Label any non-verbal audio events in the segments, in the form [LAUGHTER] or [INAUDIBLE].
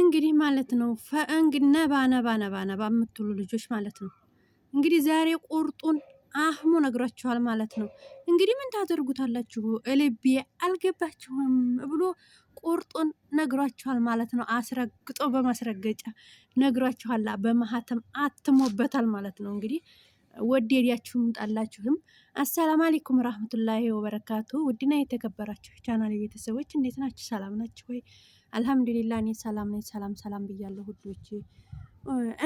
እንግዲህ ማለት ነው ነባ ነባ ነባ ነባ የምትሉ ልጆች ማለት ነው እንግዲህ ዛሬ ቁርጡን አህሙ ነግሯችኋል ማለት ነው። እንግዲህ ምን ታደርጉታላችሁ? እልቤ አልገባችሁም ብሎ ቁርጡን ነግሯችኋል ማለት ነው። አስረግጦ በማስረገጫ ነግሯችኋላ፣ በማህተም አትሞበታል ማለት ነው። እንግዲህ ወደዳችሁም ጣላችሁም። አሰላም አለይኩም ረህመቱላሂ ወበረካቱ። ውድና የተከበራችሁ ቻናል ቤተሰቦች እንዴት ናችሁ? ሰላም ናችሁ ወይ? አልሐምዱሊላ እኔ ሰላም ነኝ። ሰላም ሰላም ብያለሁ ሁዶቼ።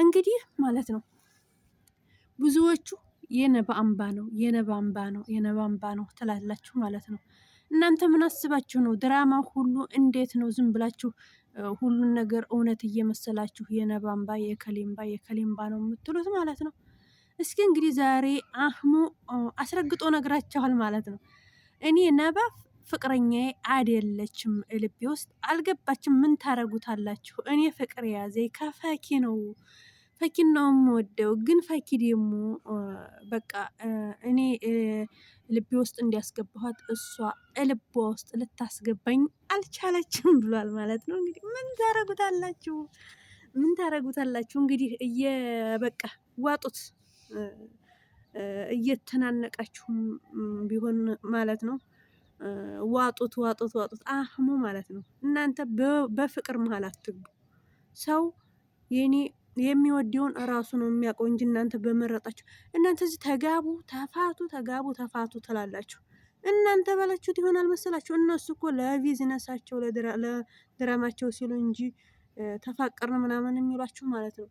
እንግዲህ ማለት ነው ብዙዎቹ የነባ አምባ ነው የነባ አምባ ነው የነባ አምባ ነው ትላላችሁ ማለት ነው። እናንተ ምን አስባችሁ ነው? ድራማ ሁሉ እንዴት ነው ዝም ብላችሁ ሁሉን ነገር እውነት እየመሰላችሁ የነባ አምባ የከሌምባ የከሌምባ ነው የምትሉት ማለት ነው። እስኪ እንግዲህ ዛሬ አህሙ አስረግጦ ነግራችኋል ማለት ነው። እኔ ነባ ፍቅረኛ አይደለችም፣ ልቤ ውስጥ አልገባችም። ምን ታረጉታላችሁ? እኔ ፍቅር የያዘ ከፈኪ ነው። ፈኪን ነው የምወደው፣ ግን ፈኪ ደግሞ በቃ እኔ ልቤ ውስጥ እንዲያስገባኋት እሷ ልቧ ውስጥ ልታስገባኝ አልቻለችም ብሏል ማለት ነው። እንግዲህ ምን ታረጉታላችሁ? ምን ታረጉታላችሁ? እንግዲህ እየበቃ ዋጡት እየተናነቃችሁም ቢሆን ማለት ነው። ዋጡት ዋጡት ዋጡት አህሙ ማለት ነው። እናንተ በፍቅር መሀል አትግቡ። ሰው የኔ የሚወደውን እራሱ ነው የሚያውቀው እንጂ እናንተ በመረጣችሁ እናንተ እዚህ ተጋቡ ተፋቱ ተጋቡ ተፋቱ ትላላችሁ። እናንተ በላችሁት ይሆናል መሰላችሁ። እነሱ እኮ ለቢዝነሳቸው ለድራማቸው ሲሉ እንጂ ተፋቀርን ምናምን የሚሏችሁ ማለት ነው።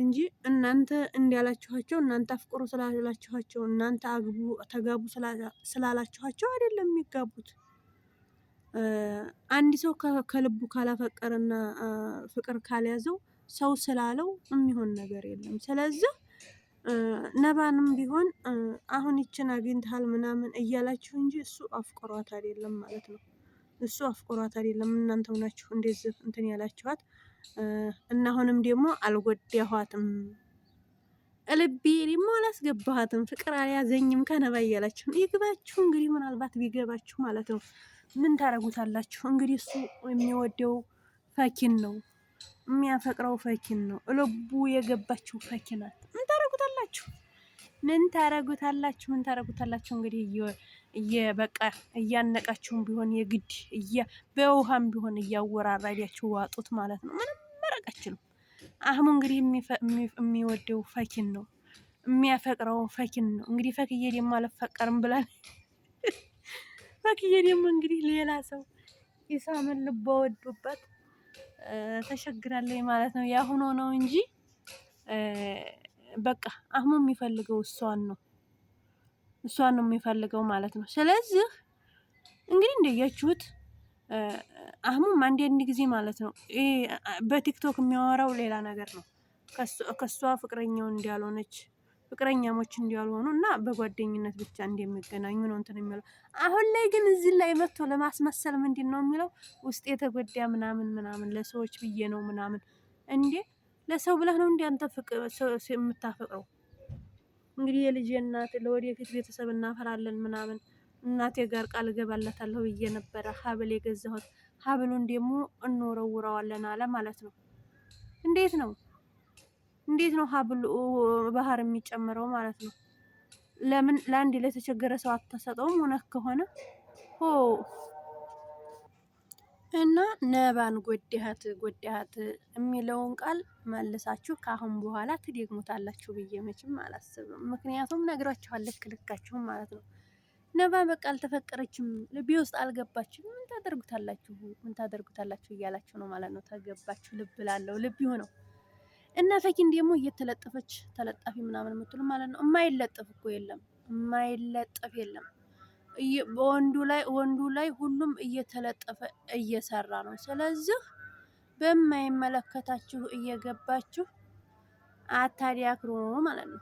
እንጂ እናንተ እንዲያላችኋቸው እናንተ አፍቅሩ ስላላችኋቸው እናንተ አግቡ ተጋቡ ስላላችኋቸው አይደለም የሚጋቡት። አንድ ሰው ከልቡ ካላፈቀረና ፍቅር ካልያዘው ሰው ስላለው የሚሆን ነገር የለም። ስለዚህ ነባንም ቢሆን አሁን ይችን አግኝተሃል ምናምን እያላችሁ እንጂ እሱ አፍቅሯት አይደለም ማለት ነው። እሱ አፍቅሯት አይደለም እናንተ ሆናችሁ እንደዚህ እንትን ያላችኋት እና አሁንም ደግሞ አልጎዳኋትም እልቤ ደግሞ አላስገባኋትም ፍቅር አልያዘኝም ከነባ እያላችሁ ይግባችሁ እንግዲህ ምናልባት ቢገባችሁ ማለት ነው ምን ታረጉታላችሁ እንግዲህ እሱ የሚወደው ፈኪን ነው የሚያፈቅረው ፈኪን ነው እልቡ የገባችው ፈኪናት ምን ታረጉታላችሁ ምን ታረጉታላችሁ ምን ታረጉታላችሁ እንግዲህ በቃ እያነቃችሁም ቢሆን የግድ በውሃም ቢሆን እያወራራዳችሁ ዋጡት ማለት ነው። ምንም መረቃችንም አህሙ እንግዲህ የሚወደው ፈኪን ነው የሚያፈቅረው ፈኪን ነው። እንግዲህ ፈክዬ ደግሞ አልፈቀርም ብላል። [LAUGHS] ፈክዬ ደግሞ እንግዲህ ሌላ ሰው ኢሳምን ልቧ ወዶበት ተሸግራለች ማለት ነው። ያሁኖ ነው እንጂ በቃ አህሙ የሚፈልገው እሷን ነው። እሷን ነው የሚፈልገው ማለት ነው። ስለዚህ እንግዲህ እንደያችሁት አህሙም አንድ አንድ ጊዜ ማለት ነው በቲክቶክ የሚያወራው ሌላ ነገር ነው። ከሷ ፍቅረኛው እንዳልሆነች ፍቅረኛሞች እንዲያልሆኑ እና በጓደኝነት ብቻ እንደሚገናኙ ነው እንትን የሚለው። አሁን ላይ ግን እዚህ ላይ መጥቶ ለማስመሰል ምንድን ነው የሚለው ውስጥ የተጎዳ ምናምን ምናምን ለሰዎች ብዬ ነው ምናምን። እንዴ ለሰው ብለህ ነው እንዲ አንተ የምታፈቅረው? እንግዲህ የልጅ እናት ለወደፊት ቤተሰብ እናፈራለን ምናምን እናቴ ጋር ቃል እገባለታለሁ ብዬ ነበረ ሀብል የገዛሁት። ሀብሉን ደግሞ እንወረውረዋለን አለ ማለት ነው። እንዴት ነው እንዴት ነው ሀብል ባህር የሚጨምረው ማለት ነው? ለምን ለአንድ ለተቸገረ ሰው አታሰጠውም? እውነት ከሆነ ሆ እና ነባን ጎዳሃት ጎዳሃት የሚለውን ቃል መልሳችሁ ከአሁን በኋላ ትደግሙታላችሁ ብዬ መቼም አላስብም። ምክንያቱም ነግሯችኋል፣ ልክ ልካችሁም ማለት ነው። ነባ በቃ አልተፈቀረችም፣ ልቤ ውስጥ አልገባችም፣ ምን ታደርጉታላችሁ፣ ምን ታደርጉታላችሁ እያላችሁ ነው ማለት ነው። ተገባችሁ ልብ ላለው ልብ ይሆነው እና ፈኪን ደግሞ እየተለጠፈች ተለጣፊ ምናምን የምትሉ ማለት ነው። የማይለጠፍ እኮ የለም፣ የማይለጠፍ የለም። ወንዱ ላይ ወንዱ ላይ ሁሉም እየተለጠፈ እየሰራ ነው። ስለዚህ በማይመለከታችሁ እየገባችሁ አታዲያክሩ ማለት ነው።